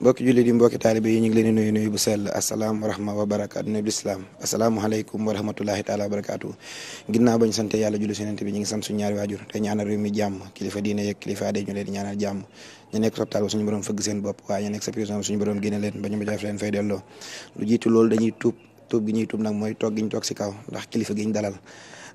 mbokki jullit yi mbokki taalibe yi ñu ngi leen di nuyu nuyu bu sell asalaam wa rahma wa barakaatu nuyu bu islaam asalaamualeykum wa rahmatullahi taala wa barakaatu ginnaaw bañ sante yàlla julli sinante bi ñu ngi sant suñu ñaari waajur te ñaanal réew mi kilifa diine yeeg kilifa aaday ñu leen di ñaanal jàmm ñu nekk soptaal ba suñu borom fëgg seen bopp waaye ñu nekk sa prison suñu borom génne leen ba ñu ba leen fay delloo lu jiitu loolu dañuy tuub tuub gi ñuy tuub nag mooy toog gi ñu si kaw ndax kilifa gi dalal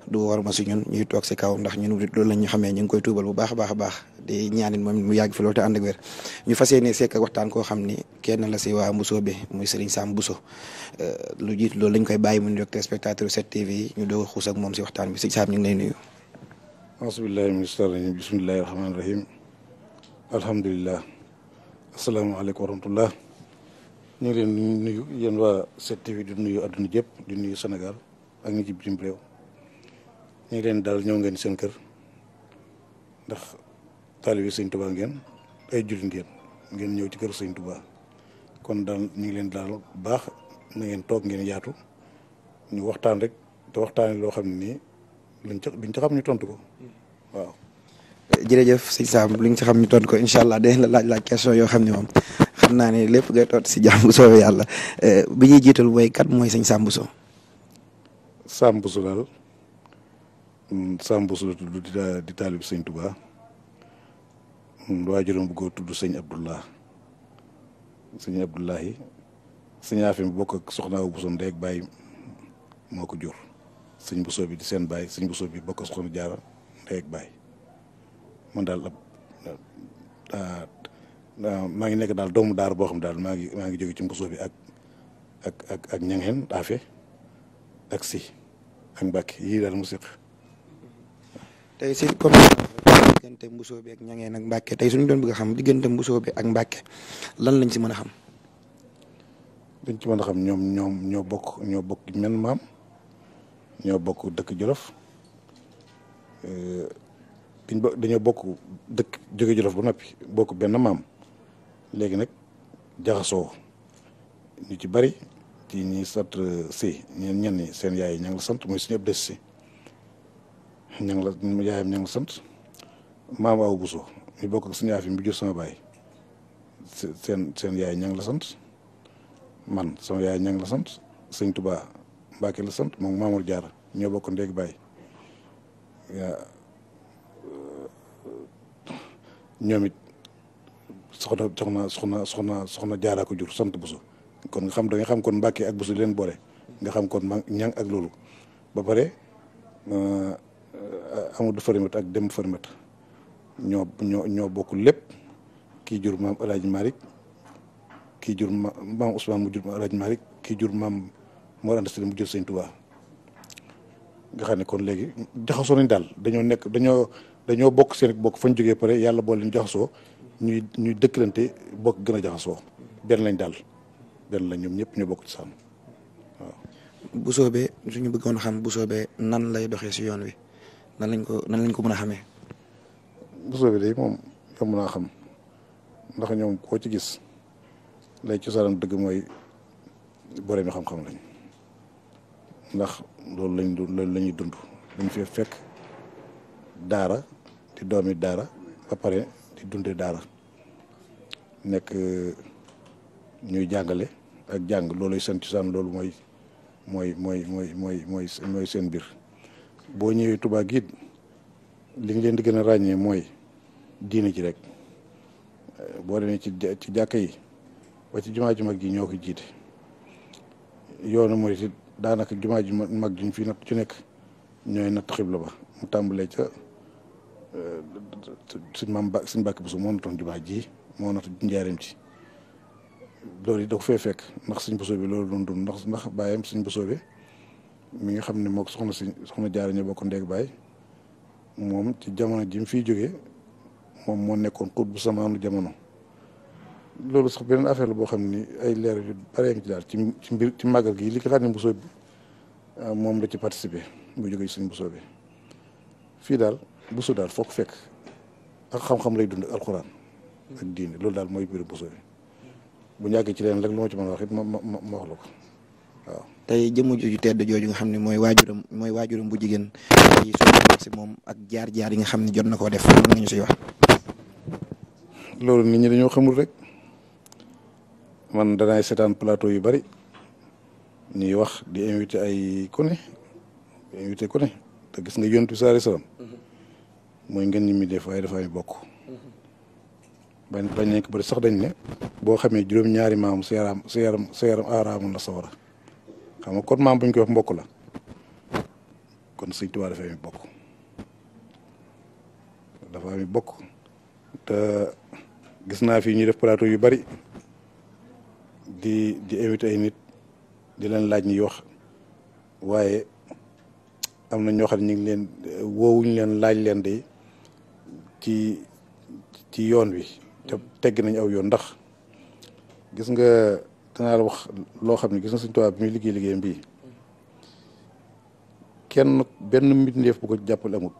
du war ma si ñun ñuy toog si kaw ndax ñun loolu la ñu xamee ñu ngi koy tuubal bu baax a baax a baax di ñaanin moom mu yàgg fi loolu te ànd ak wér ñu fas yéene sekk ak waxtaan koo xam ni kenn la si waa Mbuso bi muy Serigne Sam Mbuso euh, lu jiitu loolu lañ koy bàyyi mu nuyoog téléspectateur 7TV ñu doog a ak moom si waxtaan bi sëñ Sam ñu ngi lay nuyu. asbillahi min shaytaani rajiim bismillahi rahmaani rahiim alhamdulilah asalaamaaleykum wa rahmatullah ñu ngi leen nuyu nuyu àdduna jëpp di nuyu Sénégal ak ñi ci ñu ngi leen daal ñëw ngeen seen kër ndax taalibe sëñ Tuubaa ngeen ay jullit ngeen ngeen ñëw ci kër sëñ Tuubaa kon daal ñu ngi leen daal baax na ngeen toog ngeen yaatu ñu waxtaan rek te waxtaanee loo xam ne nii luñ ca luñ ca xam ñu tontu ko waaw. jërëjëf sëñ Sam luñ ci xam ñu tontu ko incha allah de la laaj laaj question yoo xam ne moom xam naa ne lépp ngay tontu si jàmm bu soobee yàlla eh, bi ñuy jiital mooy kat mooy sëñ Sam Bousso. Sam Bousso daal. Samba Bousso tudd di di taalib sëñ Touba waa bu góor tudd sëñ Abdullah sëñ Abdullahi sëñ Afim bokk ak soxna Awa Bousso ndeeg bàyyi moo ko jur sëñ Bousso bi di seen baay sëñ Bousso bi bokk ak soxna Jaara ndeeg bàyyi man maa ngi nekk daal doomu daar boo xam daal maa ngi maa ngi jóge ci Bousso bi ak ak ak ak ñangeen Afe ak si ak Mbàkke yii daal mu tey si commune diggante Mbusoobe ak Ñangeen ak Mbàkke tey suñu doon bëgg a xam diggante Mbusoobe ak Mbàkke lan lañ si mën a xam dañ ci mën a xam ñoom ñoom ñoo bokk ñoo bokk men maam ñoo bokk dëkk Jolof biñ bokk dañoo bokk dëkk jóge Jolof ba noppi bokk benn maam léegi nag jaxasoo ñu ci bari ci ñi sant si ñeen ñenn ñi seen yaay ña ngi sant mooy suñu ëpp des si ñu ngi la yaayam ñu ngi sant maam aw Buso mi bokk ak suñu yaay fi mu jur sama baay seen seen yaay ña ngi la sant man sama yaay ña ngi la sant sëñ Tuubaa Mbàkke la sant moom Mamour Diarra ñoo bokk ndéeg baay euh, ñoom it soxna soxna soxna soxna soxna Diarra ko jur sant Buso kon nga xam da nga xam kon Mbàkke ak Buso leen boole nga xam kon ma ñang ak loolu ba pare euh, Euh, Amadou Farimata ak Demba Farimata ñoo ñoo ñoo bokk lépp kii jur maam El Hadj Malick kii jur ma maam Ousmane mu jur maam kii jur maam Mor Anta Sali mu jur Sëñ Tuubaa nga xam kon léegi jaxasoo nañ daal dañoo nekk dañoo dañoo bokk seen bokk fañ jógee pare yàlla boole leen jaxasoo ñuy ñuy dëkkalante bokk gën a jaxasoo benn lañ daal benn lañ ñoom ñëpp ñoo bokk ci sàmm waaw. bu soobee suñu bëggoon xam bu soobee nan lay doxee si yoon wi. nan lañ ko nan lañ ko mën a xamee. mosoo bi day moom yomb naa xam ndax ñoom koo ci gis lay cosaanam dëgg mooy borom mi xam-xam lañ ndax loolu lañ loolu la dund dañ fee fekk daara di doomi daara ba pare di dundee daara nekk ñuy jàngale ak jàng looluy seen cosaan loolu mooy mooy mooy mooy mooy mooy seen mbir. boo ñëwee Touba gi liñ leen di gën a ràññee mooy diine ji rek eh, boo demee ci ci jàkka yi ba ci jumaa ju mag ji ñoo ko jiite yoonu mooy it daanaka jumaa ju mag ji fi natt ci nekk ñooy natt xibla ba mu tàmbalee ca eh, suñ maam ba suñ bàkk bésu moo nattoon jumaa ji moo natt njaareem ci loolu it da fee fekk ndax suñ bésu bi loolu doon dund ndax ndax baayam suñ bésu bi mi ngi xam ne mook soxna si soxna jaara ñoo bokk ndeeg baay moom ci jamono ji mu fi jóge moom moo nekkoon xut bu samaanu jamono loolu sax beneen affaire la boo xam ni ay leer yu bare ci daal ci ci mbir ci màggal gi li ko laaj ne mbusoo ah, moom la ci participer mu jógee suñ mbusoo bi fii daal busu daal foog fekk ak xam-xam lay dund alxuraan ak diine loolu daal mooy biir mbusoo bi bu ñu àggee ci leen rek lu ma ci mën a wax it ma ma ma wax la ko tey jëmm ju tedd jooju nga xam ne mooy waajuram mooy waajuram bu jigéen ci suñu si moom ak jaar-jaar yi nga xam ne jot na koo def mën nga ñu siy wax. nit ñi dañoo xamul rek man danaay seetaan yu bari ñuy wax di invité ay ku ne invité ne te gis nga yontu saari salaam mooy ngeen ñi mi def waaye dafa bokk. bañ bañ nañ ko sax dañ ne. boo xamee juróom-ñaari maam sa yaram sa yaram sa yaram la sa xam nga kon maam bu koy wax mbokk la kon sëñ Tuubaa dafa am bokk dafa am bokk te gis naa fi ñuy def plateau yu bari di di invité ay nit di leen laaj ñuy wax waaye am na ñoo xam ne leen woowuñu leen laaj leen de ci ci yoon wi te tegg nañ aw yoon ndax gis nga danaa la wax loo xam ne gis na Sëñ Tuubaa bi muy liggéey liggéeyam bii kenn benn mbindeef bu jàppale amut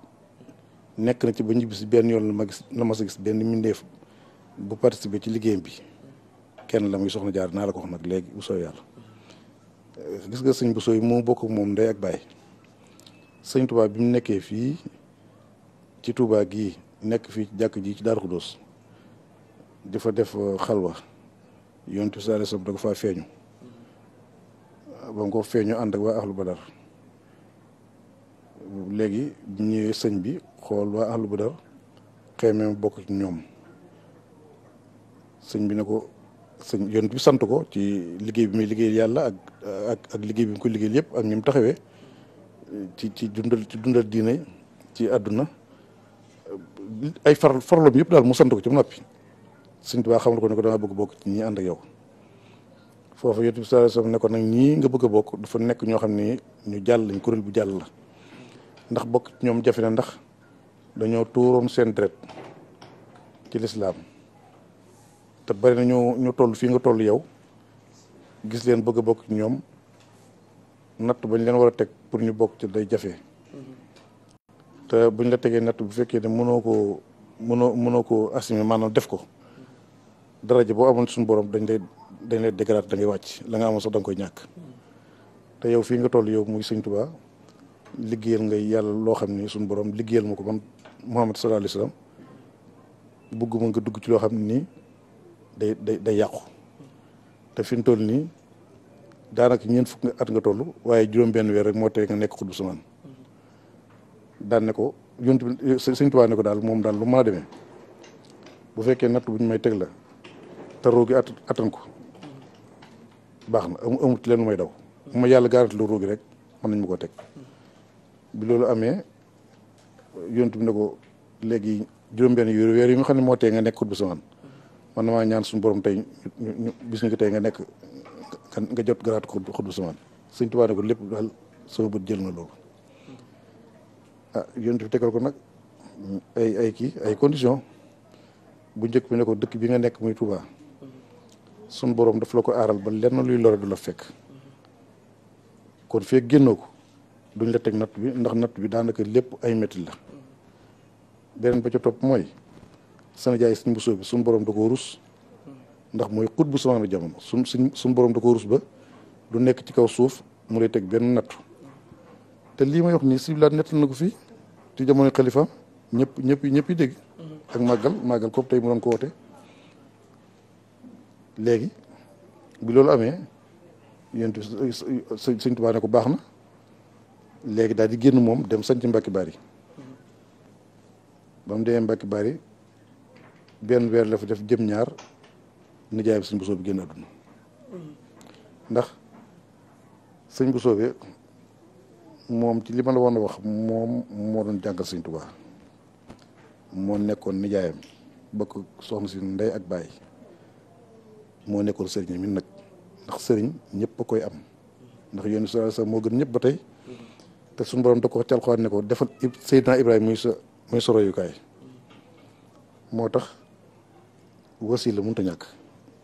nekk na ci ba ñu bis benn yoon la ma gis la ma gis benn mbindeef bu participer ci liggéeyam bi kenn la muy soxna jaar naa la ko wax léegi bu yàlla gis nga sëñ bu sooy moo bokk moom ndey ak baay sëñ Tuubaa bi mu nekkee fii ci Tuubaa gii nekk fii ci jàkk ji ci Daaru Xudoos dafa def uh, xalwa yontu saa resam da ko faa feeñu ba mu ko feeñu ànd sëñ bi xool waa ahlu badar xeemeem bokk ñoom sëñ bi ne ko sëñ yonent bi sant ko ci liggéey bi muy liggéey yàlla ak ak liggéey bi mu ko liggéey yëpp ak ñoom taxawee ci dundal ci dundal diine ci àdduna ay far farloom yëpp daal mu sant ko ci mu noppi Sëñ Tuubaa xamal ko ne ko dama bëgg bokk ci ñi ànd ak yow foofu yonent bi sallallahu alayhi wasallam nag ñii nga bëgg bokk dafa nekk ñoo xam ne ñu jàll lañ kuréel bu jàll la ndax bokk ñoom jafe na ndax dañoo tuuroon seen deret ci lislaam te bari na ñu ñu toll fii nga toll yow gis leen bëgg bokk ñoom natt bañ leen war a teg pour ñu bokk ci day jafe te buñ la tegee natt bu fekkee ne mënoo ko mënoo mënoo ko assumer maanaam def ko daraja boo amoon suñu boroom dañ lay dañ lay dégrade da ngay wàcc la nga amoon sax da koy ñàkk te yow fii nga toll yow muy sëñ Tuubaa liggéeyal ngay yàlla loo xam ni suñu boroom liggéeyal ma ko man Muhammad sallallahu alayhi wasallam bëgguma nga dugg ci loo xam ne nii day day day yàqu te fi mu toll nii daanaka ñeent fukk nga at nga toll waaye juróom-benn weer rek moo tee nga nekk xutbu samaan daan ne ko yonent bi sëñ Tuubaa ne ko daal moom daal lu maa a demee bu fekkee natt bu ñu may teg la te roogi at attan ko baax na amut leen mooy daw ma yàlla garanti lu roogi rek mën nañ ma koo teg bi loolu amee yontu bi ne ko léegi juróom-benn weer yi nga xam ne moo tee nga nekk xut bu samaan na maa ñaan suñu borom tey ñu bis nga tey nga nekk nga jot garaat ko xut bu ko lépp daal sama bët jël na loolu ah yontu bi tegal ko nag ay kii ay condition bu njëkk bi ne ko dëkk bi nga nekk muy Tuubaa sun boroom daf la ko aaral ba lenn luy lore du la fekk kon fee génnoo ko duñ la teg natt bi ndax natt bi daanaka lépp ay métti la beneen ba ca topp mooy sana jaay suñ mbusoo bi suñ boroom da koo rus ndax mooy xut bu sama jamono suñ suñ suñ boroom da koo rus ba du nekk ci kaw suuf mu lay teg benn nattu te lii ma wax nii si bilaat nettal na ko fii ci jamono xalifaam ñëpp ñëpp ñëpp yi dégg ak màggal màggal kooku tey mu doon ko woote léegi bi loolu amee yonent bi sëñ Tuubaa ne ko baax na léegi daal di génn moom dem sañ ci Mbàkke Bari ba mu demee Mbàkke Bari benn weer la fa def jëm ñaar nijaay bi sëñ Bousso bi génn àdduna ndax sëñ bu bi moom ci li ma la woon a wax moom moo doon jàngal sëñ Tuubaa moo nekkoon nijaayam bokk soxna si ndey ak bàyyi moo nekkoon sëriñ mi nag ndax sëriñ ñëpp a koy am ndax yoon sallallahu alayhi moo gën ñëpp ba tey te suñu borom da ko ci alxuraan ne ko defal Seydina Ibrahima muy sa muy sa moo tax wasiila mënut a ñàkk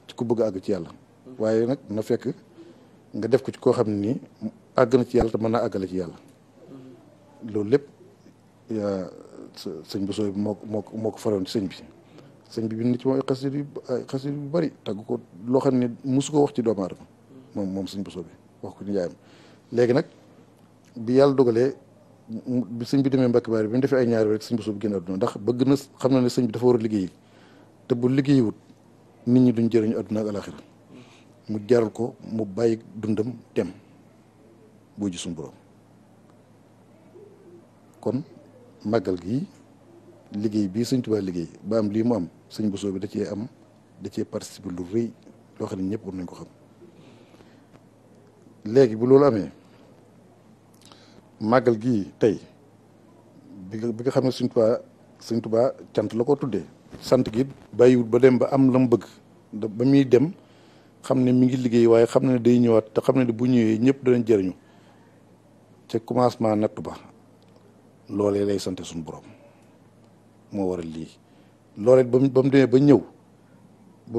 ci ku bëgg a àgg ci yàlla waaye nag na fekk nga def ko ci koo xam ne nii àgg na ci yàlla te mën naa àggale ci yàlla loolu lépp së sëñ bu sooy moo moo moo ko faroon ci sëñ bi sëñ bi bi bind ci moom ay xasida yu bari xasida tagg ko loo xam ne mosu ko wax ci doomu aadama moom moom sëñ bi wax ko nijaayam léegi nag bi yàlla dogalee bi sëñ bi demee mbakk baar bi mu defee ay ñaari rek sëñ Bousso bi génn àdduna ndax bëgg na xam na ne sëñ bi dafa war a liggéey te bu liggéeyiwut nit ñi duñ jëriñu àdduna ak alaxira mu jaral ko mu bàyyi dundam dem boo ji suñu kon màggal gi liggéey bii sëñ Tuubaa liggéey ba am lii mu am bu Bousso bi da cee am da cee participer lu rëy loo xam ne ñëpp nañ ko xam léegi bu loolu amee màggal gii tey bi nga nga xam ne sëñ Tuubaa sëñ Tuubaa la ko tuddee sant gi bàyyiwul ba dem ba am la mu bëgg ba muy dem xam ne mu ngi liggéey waaye xam ne day ñëwaat te xam ne bu ñëwee ñëpp danañ jëriñu ca commencement nattu ba loolee lay sante suñu borom moo waral lii loolee ba mu ba mu demee ba ñëw ba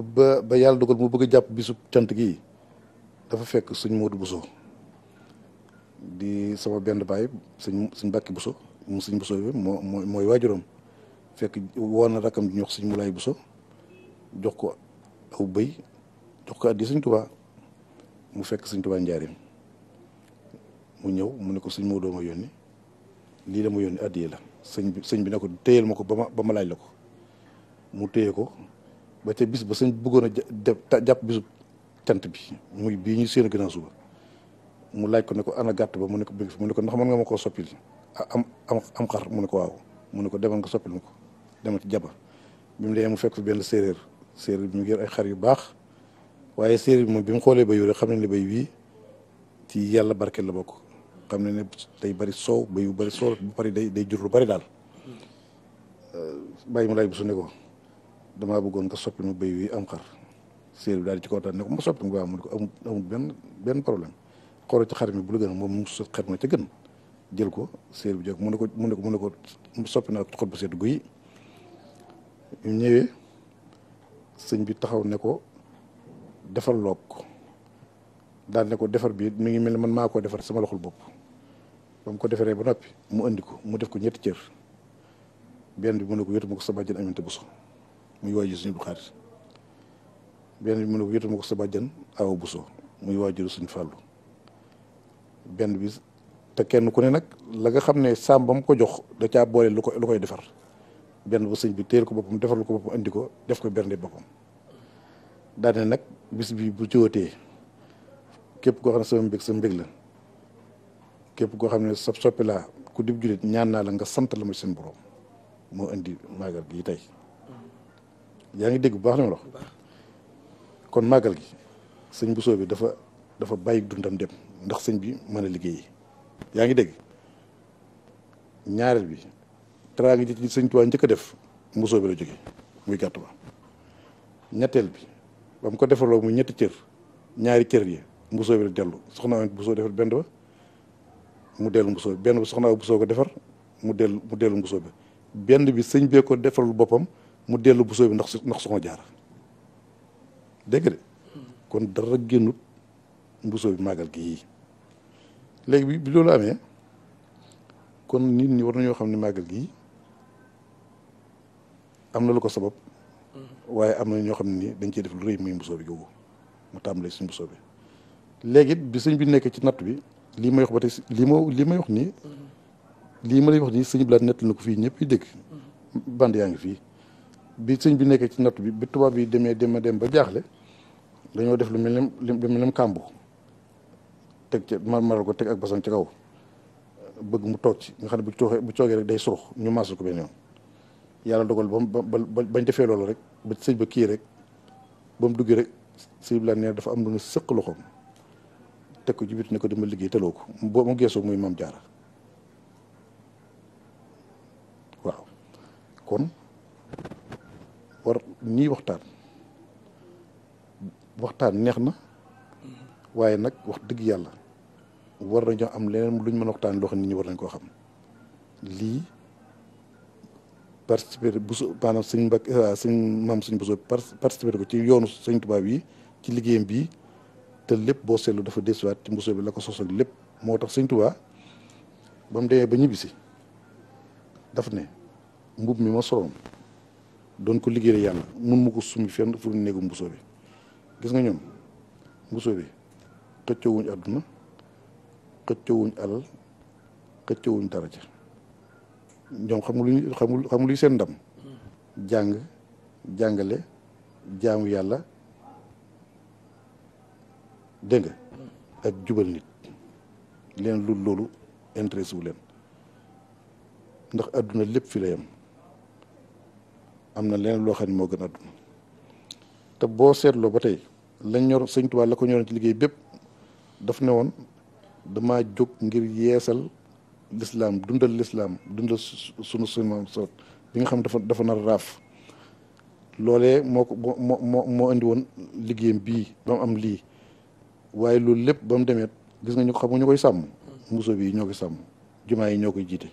ba yàlla dogal mu bëgg a jàpp bisu cant gii dafa fekk suñ Modou buso di sama benn baay suñ suñ Bakki Bousso moom suñ Bousso bi moo mooy waajuram fekk woo na rakam di ñox suñ Moulay Bousso jox ko aw bëy jox ko addi suñ Touba mu fekk suñ Touba njaarim mu ñëw mu ne ko suñ Modou ma yónni lii la ma yónni addi la. sëñ bi sëñ bi ne ko téyel ma ko ba ma ba ma laaj la ko mu téye ko ba ca bis ba sëñ bëggoon a jàpp bisu cant bi muy bii ñu seen gën a suba mu laaj ko ne ko ana gàtt ba mu ne ko bëgg fi mu ne ko ndax mën nga ma koo soppil am am am xar mu ne ko waaw mu ne ko demal nga soppil ma ko demal ci jaba bi mu dee mu fekk fi benn séeréer séeréer bi mu ngi ay xar yu baax waaye séeréer bi moom bi mu xoolee ba yore xam ne ne bay wii ci yàlla barkeel la bokk xam ne ne tey bari soow ba yu bari soow bu bëri day day jur lu bari daal bàyyi ma laaj bu su ne ko damaa bëggoon nga soppi ma béy wi am xar séer bi daal di ci kontaan ne ko ma soppi nga waaw ne ko amul amul benn benn problème xoolal ci xar mi bu la gën moom mu sa xar ma ca gën jël ko séer bi jóg mu ne ko mu ne ko mu ne ko soppi naa ko xol bu sedd guy ñu ñëwee sëñ bi taxaw ne ko defal loog daal ne ko defar bii mu ngi mel ne man maa koo defar sama loxol bopp ba mu ko defaree ba noppi mu indi ko mu def ko ñetti cër benn bi mu ne ko yótu ma ko sa bàjjan aminte bu so muy waajur suñu bu xaarit benn bi mu ne ko yótu ma ko sa bàjjan awa bu so muy benn bi te kenn ku ne nag la nga xam ne saam ba ko jox da caa boole lu ko lu koy defar benn ba sëñ bi teel ko boppam defaral ko boppam andi ko def ko bernde boppam daane nag bis bi bu jiwatee képp koo xam ne sama mbég sa mbég la képp koo xam ne sab soppi laa ku dib jullit ñaan naa la nga sant la ma seen borom moo indi màggal gi tey yaa ngi dégg bu baax li ma la wax kon màggal gi sëñ Bousso bi dafa dafa bàyyi dundam dem ndax sëñ bi mën a liggéey yaa ngi dégg ñaareel bi traa ngi ci sëñ Tuubaa njëkk a def Bousso bi la jóge muy gàtt ba ñetteel bi ba mu ko defaloo muy ñetti cër ñaari cër yi Bousso bi la dellu soxna Awa Bousso defal benn ba mu dellu mbusoo bi benn bi soxnaa busoo ko defar mu dellu mu dellu mbusoo bi benn bi sëñ bee ko defarul boppam mu dellu busoo bi ndax su ndax soxna jaara dégg de kon dara génnut mbusoo bi màggal gi yii léegi bi bi loolu amee kon nit ñi war nañoo xam ni màggal gi am na lu ko sabab waaye am na ñoo xam ne dañ ciy def lu rëy muy mbusoo bi googu mu tàmbalee suñ mbusoo bi léegi bi sëñ bi nekk ci natt bi lii ma wax ba tey lii ma lii may wax nii lii ma lay wax nii sëñ bi laa nettali na ko fii ñëpp yi dégg band yaa ngi fii bi sëñ bi nekkee ci natt bi bi tubaab yi demee dem dem ba jaaxle dañoo def lu mel ne lu mel ne kàmbu teg ca maral ko teg ak basan ci kaw bëgg mu toog ci nga xam ne bu cooxee bu coogee rek day surux ñu maasal ko benn yoon yàlla dogal ba ba bañ defee loolu rek ba sëñ ba kii rek ba mu duggee rek sëñ bi laa nee dafa am lu ñu sëq loxoom teg ko ci biir ne ko dama liggéey taloo ko boo mu geesoo muy maam jaara waaw kon war nii waxtaan waxtaan neex na waaye nag wax dëgg yàlla war nañoo am leneen luñ mën a waxtaan loo xam ne nit ñi war nañ koo xam lii participer bu su maanaam suñ mbak euh, suñ maam suñ bosoo participer ko ci yoonu suñ tubaab yi ci liggéeyam bii te lépp boo seetlu dafa desuwaat ci mbuso bi la ko sos ak lépp moo tax sëñ Tuubaa ba mu demee ba ñibbisi daf ne mbubb mi ma soloon doon ko liggéeyal yàlla mun ma ko summi fenn fu néegu mbuso bi gis nga ñoom mbuso bi xëccoowuñ àdduna xëccoowuñ alal xëccoowuñ daraja ñoom xamul xamul xamul luy seen ndam jàng jàngale jaamu yàlla dégg nga ak jubal nit leen lu loolu intéressé wu leen ndax àdduna lépp fi am na leen loo xam ne moo gën àdduna te boo seetloo ba tey lañ ñor sëñ Tuubaa la ko ñoroon ci liggéey bépp daf ne woon dama jóg ngir yeesal lislaam dundal lislaam dundal sunu sunu sot li nga xam dafa dafa nar raaf loolee moo ko moo moo indi woon liggéeyam bii ba mu am lii waaye loolu lépp ba mu demet gis nga ñu xam nga ñu koy sàmm muso bi ñoo koy sàmm jumaa yi ñoo koy jiite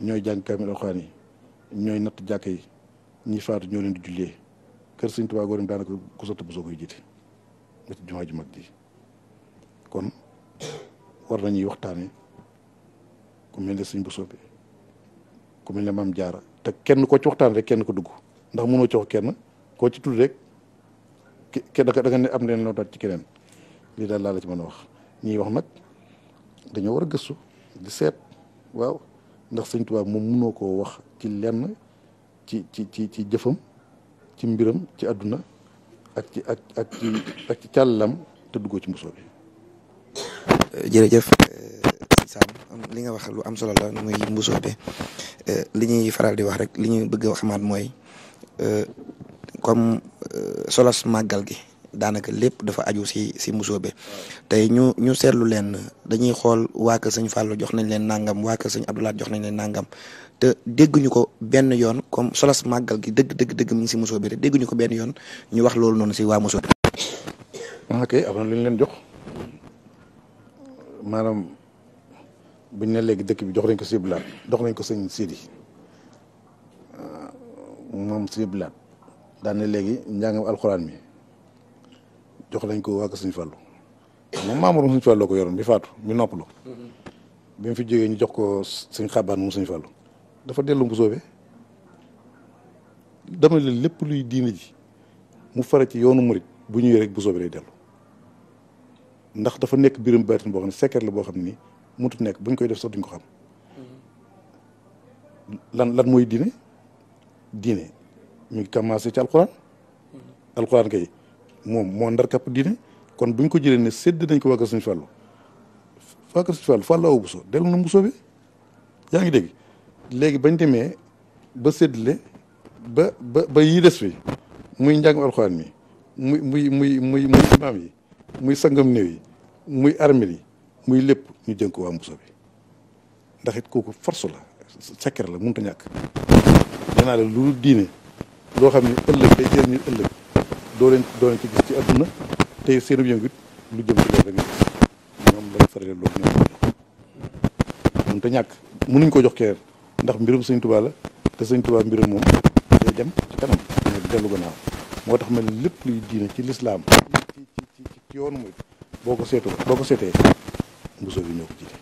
ñooy jàng kaamil alxuraan yi ñooy natt jàkk yi ñi faatu ñoo leen di jullee kër Sëñ Tuubaa goo dem daanaka ku sotti bu koy jiite ba ci jumaa ju mag ji kon war nañuy waxtaane ku mel ne Sëñ Bousso bi ku mel ne Jaara te kenn koo ci waxtaan rek kenn ko dugg ndax mënoo ci wax kenn koo ci tudd rek ke da nga ne am leen loo daj ci keneen lii daal laa la ci mën a wax ñiy wax nag dañoo war a gëstu di seet waaw ndax sëñ Tuubaa moom mënoo koo wax ci lenn ci ci ci ci jëfam ci mbiram ci àdduna ak ci ak ak ci ak te duggoo ci mosoo bi. jërëjëf sëñ Sam li nga wax lu am solo la muy mbusoo bi li ñuy faral di wax rek li ñuy bëgg a xamaat mooy comme euh, solos màggal gi daanaka lépp dafa aju si si Mboussobé tey ñu ñu seetlu leen dañuy xool waa kër sëñ Fallou jox nañ leen nangam waa kër sëñ Abdoulaye jox nañ leen nangam te dégguñu ko benn yoon comme solas màggal gi dëgg dëgg dëgg mi ngi si Mboussobé te dégguñu ko benn yoon ñu wax loolu noonu si waa Mboussobé. Ah, am na lu leen jox maanaam buñ ne léegi dëkk bi jox nañ ko sëñ Abdoulaye jox ko sëñ Sidi ah, moom sëñ Abdoulaye daan na léegi njàngam alxuraan mi. jox lañ ko wàgg suñu falo moom maamorom suñu fàllu ko yoroon mi faatu mi noppaloo bi mu fi jógee ñu jox ko suñ xabaan moom suñu falo dafa dellu bu soobee dama la lépp luy diina ji mu fara ci yoonu murit bu ñuy rek bu lay dellu ndax dafa nekk biram baatin boo xam ne secret la boo xam ni mutut nekk buñ koy def sax duñ ko xam lan lan mooy diine diine mi ngi commencé ci alxuraan alxuraan kay moom moo ndar kapp diine kon buñ ko jëlee ne sedd dañ ko waa suñu Sëñ Fallou waa kër Sëñ Fallou Fallou aw Bousso dellu na Bousso bi yaa ngi dégg léegi bañ demee ba séddale ba ba ba yii des fi muy njàngum alxuraan mi muy muy muy muy muy imaam yi muy sangam néew yi muy armel yi muy lépp ñu jënk waa Bousso bi ndax it kooku fors la secret la mënut a ñàkk danaa la lu diine loo xam ne ëllëg day jëriñu ëllëg doo leen doo leen ci gis ci àdduna te seenu yëngu it lu jëm ci loolu rek ñoom lañ farale loolu ko jox keneen ndax mbirum sëñ Tuubaa te sëñ Tuubaa mbirum moom day dem ci kanam dellu gannaaw moo tax man lépp luy diine ci lislaam ci ci ci yoonu mooy boo ko seetoo boo ko seetee mbusoo bi ñoo ko jiite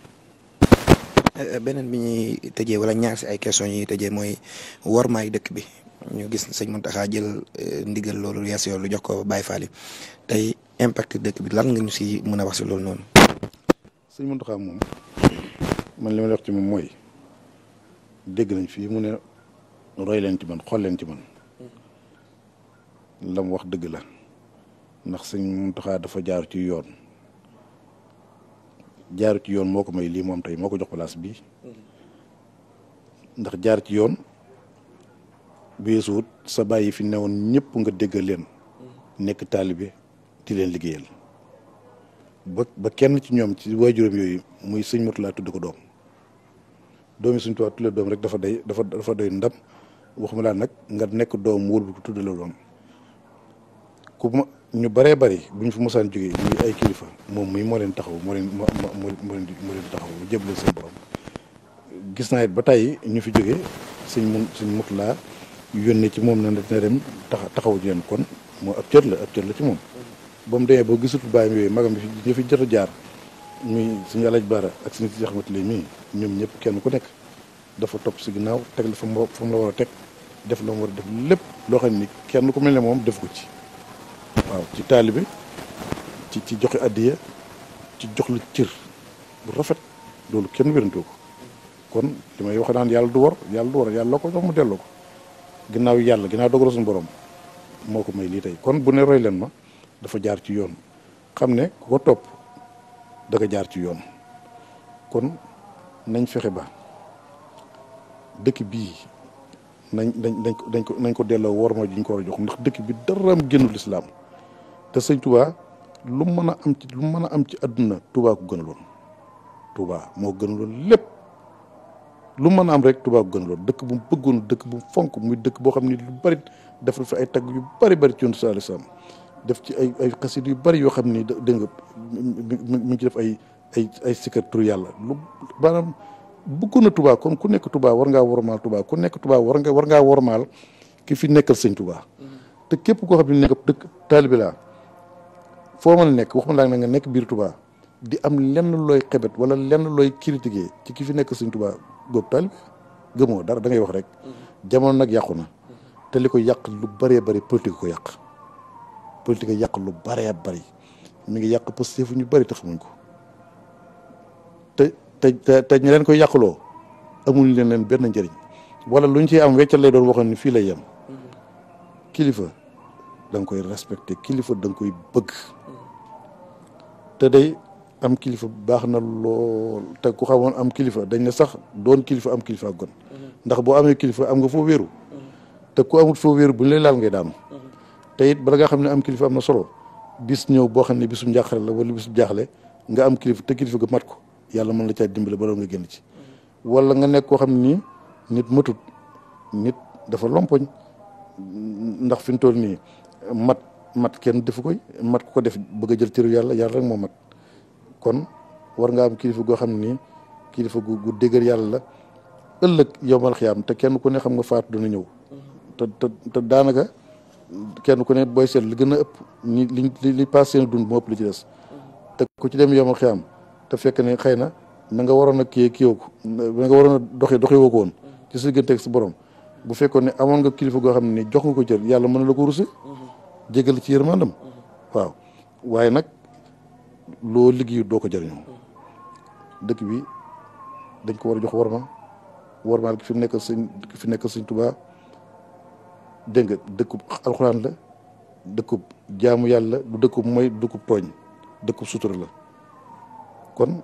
eh, eh, beneen bi ñuy tëjee wala ñaar si ay questions yi ñuy tëjee mooy wormaay dëkk bi ñu gis sëñ Mountakha jël eh, ndigal loolu yees yoon lu jox ko Baye Fall yi tey impact dëkk bi lan nga ñu si mën a wax si loolu noonu. sëñ Mountakha moom man li ma wax ci moom mooy dégg nañ fii mu roy leen ci man xool leen ci man la wax dëgg la ndax sëñ Mountakha dafa jaar ci yoon jaar ci yoon moo ko may lii moom tey moo ko jox place bi ndax jaar ci yoon. weesuwut sa bàyyi fi newoon ñëpp nga déggal leen nekk taalibe di leen liggéeyal ba ba kenn ci ñoom ci waajuram yooyu muy suñ Murtala tudd ko doom doomi suñ tuwaa tuddee rek dafa day dafa dafa doy ndam waxuma laa nag nga nekk doom wóor bu ko tuddee la doom ku ma ñu bëree bëri bu ñu fa mosaan jógee muy ay kilifa moom muy moo leen taxaw moo leen moo moo leen moo leen taxaw jébal seen borom gis naa it ba tey ñu fi jógee sëñ mun yónnee ci moom na na dem tax taxaw leen kon moo ab cër la ab cër la ci moom ba mu demee ba gisatul bàyyam yooyu magam yi fi jot a jaar muy suñu Alaaji Baara ak suñu si Axmat lay mii ñoom ñëpp kenn ku nekk dafa topp si ginnaaw teg la fa mu fa la war a teg def la mu war a def lépp loo xam ni kenn ku mel ne moom def ko ci waaw ci taalibe ci ci joxe addiya ci jox la cër bu loolu kenn wérantoo ko kon li may wax naan yàlla du war yàlla du war yàlla ko jox mu delloo ko ginnaaw yàlla ginnaaw dogal suñu borom moo ko may lii tey kon bu ne roy leen ma dafa jaar ci yoon xam ne ku ko topp da jaar ci yoon kon nañ fexe ba dëkk bii nañ dañ ko dañ ko nañ ko delloo worma ji ñu ko war a jox ndax dëkk bi daraam génnul lislaam te sëñ tubaa lu mën a am ci lu mën a am ci àdduna Touba ko gënaloon tubaa moo gënaloon lépp. lu mën a am rek Touba ko gën a lool dëkk bu mu bëggoon dëkk bu mu fonk muy dëkk boo xam ne lu bari def na ay tag yu bari bari ci yoonu Saalum Sam def ci ay ay xasit yu bari yoo xam ni dégg nga mi ci def ay ay ay sikar lu maanaam bëggoon na ku nekk Touba war ngaa wormaal Touba ku nekk Touba war nga war ngaa wormaal ki fi nekkal sëñ Touba. Mm-hmm. te képp koo xam ne nekk dëkk taalibe laa foo mën a nekk waxuma laa nga nekk biir tubaa di am lenn looy xebet wala lenn looy critiquer ci ki fi nekk Sëñ Tuubaa góob taal gëmoo dara da ngay wax rek mm-hmm. jamono nag yàqu na te li ko yàq lu bëree bëri politique ko yàq politique yàq lu bëree bëri mu ngi yàq positif fu ñu bëri te xamuñ ko te te te ñu leen koy yàquloo amuñ leen leen benn njëriñ wala luñ ciy am weccal lay doon waxoon ni fii lay yem mm-hmm. kilifa da koy respecté kilifa da koy bëgg mm-hmm. te day am kilifa baax na lool te ku xamoon am kilifa dañ ne sax doon kilifa am kilifa gon mhm. ndax boo amee kilifa am nga foo wéeru mhm. te ku amut foo wéeru bu lay laal ngay daanu mhm. te it bala nga xam ne am kilifa am na solo bis ñëw boo xam ne bisu njàqare la wala jaaxle nga am kilifa te kilifa ga mat ko yàlla mën la caa dimbale ba nga génn ci wala nga nekk koo xam ni nit matut nit dafa lompoñ ndax fi mu toll nii mat mat kenn defu koy mat ku ko def bëgg jël cëru yàlla yàlla rek moo mat kon war nga am kilifa goo xam ni kilifa gu gu dëgër yàlla la ëllëg yowmal xiyaam te kenn ku ne xam nga faatu dana ñëw te te daanaka kenn ku ne booy seet li gën a ëpp ñi li li paas seen dund moo ëpp li ci des te ko ci dem yowmal xiyaam te fekk ne xëy na na nga waroon a kii kii ko na nga waroon a doxee doxee woo ko woon ci sa diggante ak sa borom bu fekkoon ne amoon nga kilifa goo xam ni jox nga ko jël yàlla mën na la ko rusi jégal ci yërmandam waaw waaye nag loo liggéey doo ko jëriñoo mm. dëkk bi dañ ko war a jox worma wormaal ki fi nekk sëñ ki fi nekk sëñ tubaa dégg nga dëkkub alxuraan la dëkkub jaamu yàlla du dëkkub mooy dëkkub tooñ dëkkub sutura la kon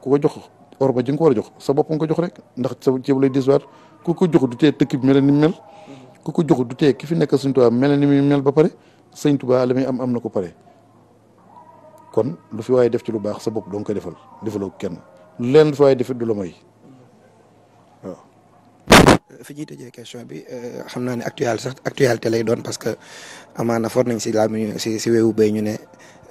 ku ko jox war ji nga ko war a jox sa bopp nga ko jox rek ndax sa ceeb lay diswaat ku ko jox du tee dëkk bi mel ni mel mm-hmm. ku ko jox du tee ki fi nekk sëñ Tuubaa mel ni muy mel ba pare sëñ Tuubaa la am am na ko pare kon lu fi waaye def ci lu baax sa bopp doo nga koy defal defaloo leen lu fi waaye defit du la fi ñuy tëjee question bi euh, xam naa ne actuel sax actualité lay doon parce que amaana for nañ si laam si si weewu béy ñu ne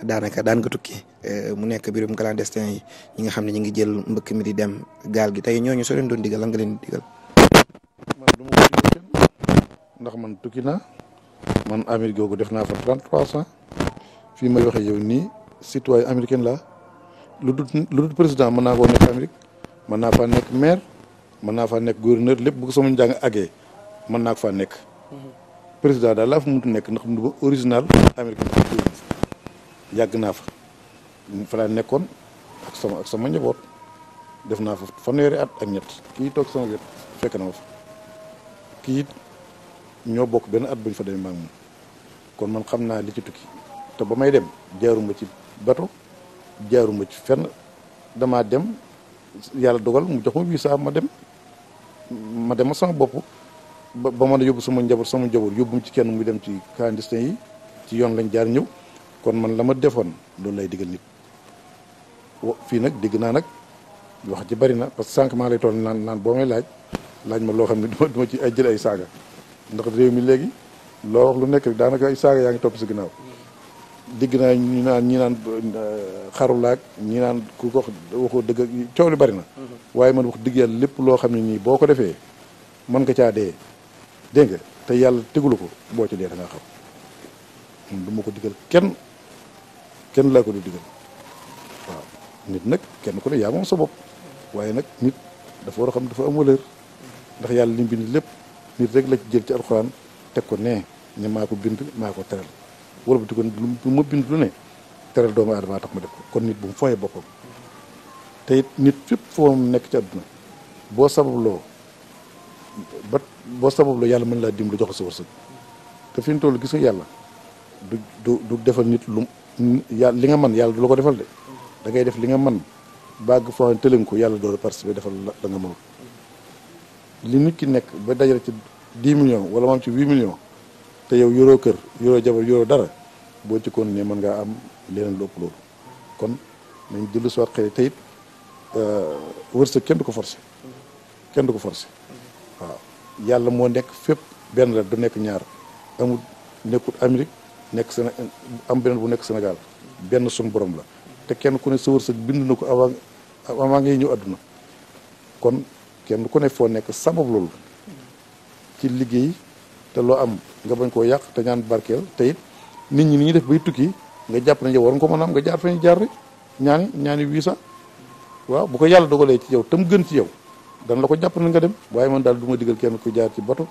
daanaka daan nga tukki euh, mu nekk biirum clandestin yi ñi nga xam ne ñu ngi jël mbëkk mi di dem gaal gi tey ñooñu soo leen doon digal lan nga leen digal. man du ma ndax man tukki naa man Amir googu def naa fa trente trois cent fii may waxee nii. citoyen américain la lu dul lu président mën naa koo nekk Amérique mën naa faa nekk mën naa faa nekk gouverneur lépp bu ko sama njàng àggee mën naa ko nekk. Mhm. président daal laa fa mënut nekk ndax mu original américain yàgg naa fa fa nekkoon ak sama ak sama njaboot def naa fa fanweeri at ak ñett kii toog sama wet fekk na ma fa kii ñoo bokk benn at buñ fa demee maa ngi kon man xam naa li ci tukki te ba may dem jaaruma ci. bato jaaruma ci fenn damaa dem yàlla dogal mu jox ma visa ma dem ma dem sama bopp ba ba mën a yóbbu sama njaboot sama njaboot yóbbu ci kenn muy dem ci clandestin yi ci yoon lañ jaar ñëw kon man la ma defoon loolu lay digal nit fii nag digg naa nag wax ji bari na parce que sànq maa lay toll naan naan boo may laaj laaj ma loo xam ne duma duma ci ay jël ay saaga ndax réew mi léegi loo wax lu nekk rek daanaka ay saaga yaa ngi topp si ginnaaw dégg naa ñu naan ñi naan euh, xarulaak ñi naan ku ko waxoo dëgg ak coow li bari na. Mm-hmm. waaye man wax dëgg yàlla lépp loo xam ne nii boo ko defee mën nga caa dee dégg nga te yàlla tegulu ko boo ci dee da xam man ko digal kenn kenn laa ko du digal waaw nit nag kenn ku ne yaa sa bopp waaye nag nit dafa war a xam dafa am valeur mm-hmm. ndax yàlla li mu lépp nit rek la ci jël ci alxuraan teg ko nee ñu maa ko bind maa ko teral wala bu tukkoon lu ma bind lu ne teral doomu aadama tax ma def ko kon nit bu mu fooyee boppam te it nit fépp foo nekk ci àdduna boo sababloo ba boo sababloo yàlla mën laa lu jox ko sa wërsëg te fi ñu toll gis nga yàlla du du du defal nit lu yàlla li nga man yàlla du la ko defal de dangay def li nga man bàgg foo xam tëlën ko yàlla doolu participer defal la nga mënul li nit ki nekk ba dajale ci 10 millions wala moom ci 8 millions te yow yoroo kër yuroo jabar yoroo dara boo ci continuer mën ngaa am leneen lu ëpp loolu kon nañ dellu si waat xëy te it euh, wërsëg kenn du ko forcé kenn du ko forcé waaw yàlla moo nekk fépp benn la du nekk ñaar amul nekkut Amérique nekk Séné bu nekk Sénégal benn suñu borom la te kenn ku ne sa wërsëg bind na ko avant avant ngay ñëw àdduna kon kenn ku ne foo nekk sabab loolu ci liggéey te loo am nga bañ koo yàq te ñaan barkeel te nit ñi ni ñuy def bay tukki nga jàpp nañ yow war nga ko mën a nga jaar fa ñu jaar rek ñaani ñaani visa waaw bu ko yàlla dogalee ci yow tam gën ci yow dan la ko jàpp na nga dem waaye man daal duma ma digal kenn koy jaar ci bato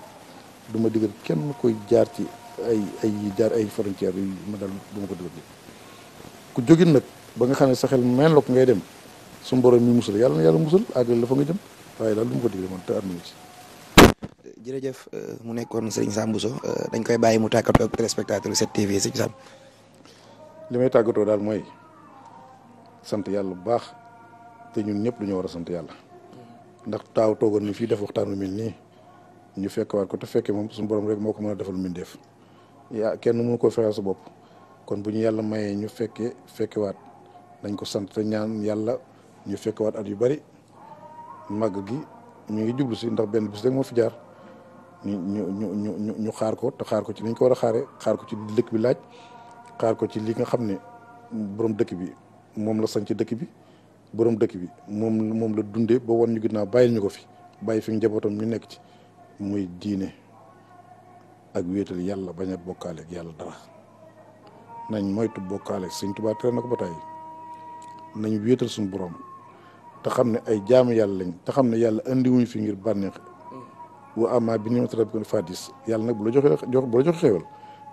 du ma digal kenn koy jaar ci ay ay jaar ay frontière yi ma daal du ko digal ku jógin nag ba nga xam ne sa xel mel na ko ngay su borom mi musal yàlla na yàlla musal àggal la fa nga daal du ko digal man te àdduna ci jërëjëf euh, mu nekkoon Serigne Sam Bousso euh, dañ koy bàyyi mu tàggatoo ak téléspectateur 7TV Serigne Sam. li may tàggatoo daal mooy sant yàlla bu baax te ñun ñëpp dañoo war a sant yàlla ndax taaw toogoon ni fii def waxtaan lu mel nii ñu fekkewaat ko fekkee moom suñu borom rek moo ko mën a defal lu muy yaa kenn mënu ko fexeel sa bopp kon bu ñu yàlla maye ñu fekkee fekkewaat dañ ko sant te ñaan yàlla ñu fekkewaat at yu bari màgg gi ñu ngi jublu si ndax benn bis rek moo fi jaar. ñu ñu ñu ñu ñu xaar ko te xaar ko ci niñ ko war a xaaree xaar ko ci dëkk bi laaj xaar ko ci li nga xam ne borom dëkk bi moom la sañ ci dëkk bi borom dëkk bi moom moom la dundee ba wan ñu ginnaaw bàyyil ñu ko fi bàyyi fi njabootam ñu nekk ci muy diine ak wéetal yàlla bañ a bokkaale yàlla dara nañ moytu bokkaale Sëñ Tuubaa tere na ko ba tàyyi nañ wéetal suñu borom te xam ne ay jaamu yàlla lañ te xam ne yàlla indiwuñ fi ngir bànneex wa ama bi nimati rabbika fadis yàlla nag bu la joxe jox bu la joxe xéewal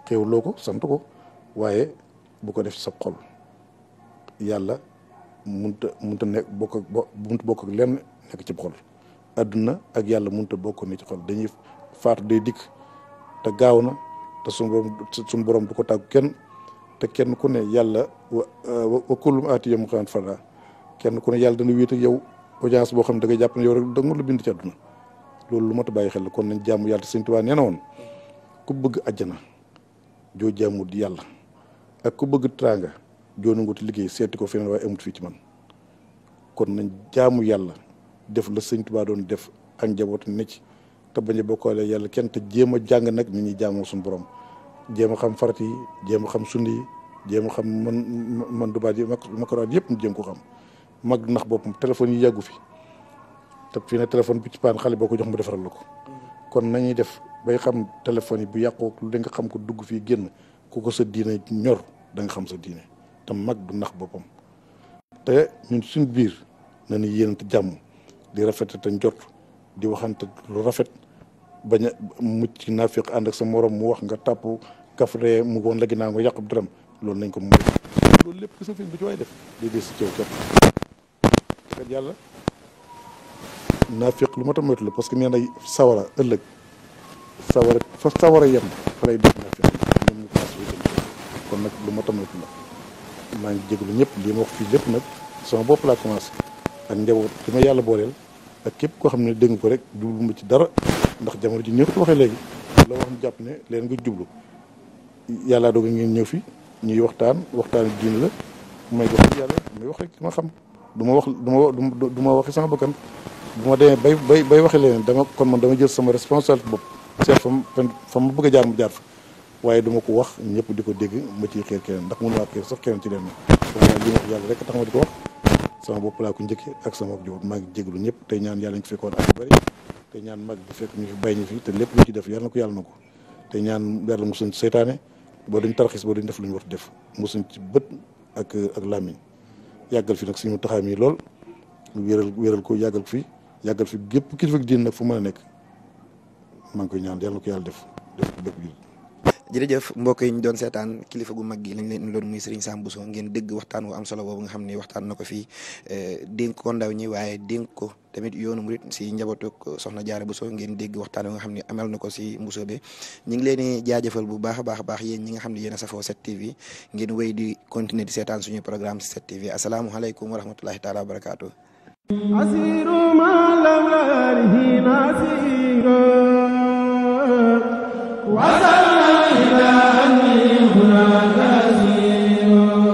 xéewloo ko sant ko waaye bu ko def ci sa xol yàlla munta munta nekk bokk ak munta bokk ak lenn nekk ci xol àdduna ak yàlla munta bokk ni ci xol dañuy faatu day dikk te gaaw na te suñu borom borom du ko tàggu kenn te kenn ku ne yàlla wa wa kullum aati yom xaan fada kenn ku ne yàlla dana wéet ak yow audience boo xam ne da nga jàpp ne yow rek danga la bind ci àdduna loolu lu mat bàyyi xel kon nañ jaamu yàlla Sëñ Tuubaa nee na bëgg àjjana joo jaamu di yàlla ak ku bëgg teraanga joo nangu te liggéey seeti ko feneen waaye amut fii ci man kon nañ jaamu yàlla def la Sëñ tubaa doon def ak njaboot ne ci te bañ a bokkaale yàlla kenn te jéem a jàng nag ni ñi jaamoo suñ borom jéem a xam farat yi jéem a xam sunni yi jéem a xam man man dubaat yi makaraat yëpp mu jéem ko xam mag ndax boppam téléphone yi yàggu fi te fii ne téléphone bi ci paan xale boo ko jox mu defaral la ko kon nañuy def bay xam téléphone yi bu yàqoo lu da nga xam ko dugg fii génn ku ko sa diine ñor da xam sa diine te mag du nax boppam te ñun suñ biir nañu yéenante jàmm di rafet te njort di waxante lu rafet bañ a mucc naafiq ànd ak sa morom mu wax nga tàpp kafree mu woon la ginnaaw nga yàqu bu dërëm loolu nañ ko mu loolu lépp gis nga fi bu ci waay def di des si cëw képp yàlla naa naafiq lu ma tam moytu la parce que nee na sawara ëllëg sawara fa sawara yem fa lay def naafiq ñoom ñu kon nag lu ma tam moytu la maa ngi jégalu ñëpp lii ma wax fii lépp nag sama bopp laa commencé ak njaboot li ma yàlla booleel ak képp koo xam ne dégg ko rek jublu ma ci dara ndax jamono ji ñëpp waxee léegi la wax ñu jàpp ne leen gi jublu yàllaa doog ngeen ñëw fi ñuy waxtaan waxtaan diin la may wax yàlla may wax rek ma ma wax du ma du ma waxi sama bakkan bu ma demee bay bay bay waxee leen dama kon man dama jël sama responsabilité bopp seet fa ma fa ma bëgg a jaar mu jaar fa waaye duma ko wax ñëpp di ko dégg ma ciy xeer keneen ndax mënu maa xeer sax keneen ci leen ma yàlla rek tax ma di ko wax sama bopp laa ko ak sama jowot maa ngi jéglu ñëpp tey ñaan yàlla ñu ko fekkoon ak bëri ñaan mag bi fekk ñu fi bàyyi ñu fi te lépp lu ci def yàlla na ko yàlla na ko tey ñaan yàlla mosuñ ci seytaane boo dañ tarxis boo dañ def lu ñu war def mosuñ ci bët ak ak làmmiñ yàggal fi nag suñu taxaam yi lool wéral wéral ko yàggal ko fi yàggal fi gépp kilifa ak diin nag fu mën a nekk maa ngi koy ñaan yàlla na ko yàlla def def ko bépp jërëjëf mbokk yi ñu doon seetaan kilifa gu mag gi lañ leen loon muy Serigne Sam Bousso ngeen dégg waxtaan wu am solo boobu nga xam ne waxtaan na ko fii eh, dénk ko ndaw ñi waaye dénk ko tamit yoonu murit si njabootu soxna Jaara Bousso ngeen dégg waxtaan wu nga xam ne amal na ko si Bousso bi ngi leen di jaajëfal bu baax a baax a baax yéen ñi nga xam ne yéen a safoo 7TV ngeen wéy di continuer di seetaan suñu programme set 7TV asalaamualeykum wa rahmatullahi taala wa barakaatu. asiiru maa lam laarihiin asiiru wasal la ilaa anni hunaaka asiiru